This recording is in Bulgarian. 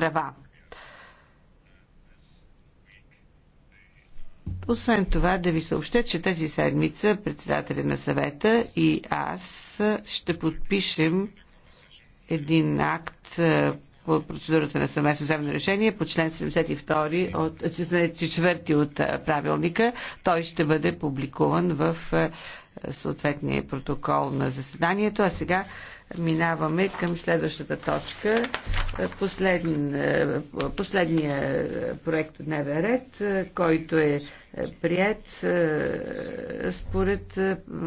права. Освен това да ви съобща, че тази седмица председателя на съвета и аз ще подпишем един акт е, по процедурата на съвместно вземно решение по член 72 от 4 е, от е, правилника. Той ще бъде публикуван в съответния протокол на заседанието. А сега минаваме към следващата точка. Последен, последния проект от дневен ред, който е прият е, според е,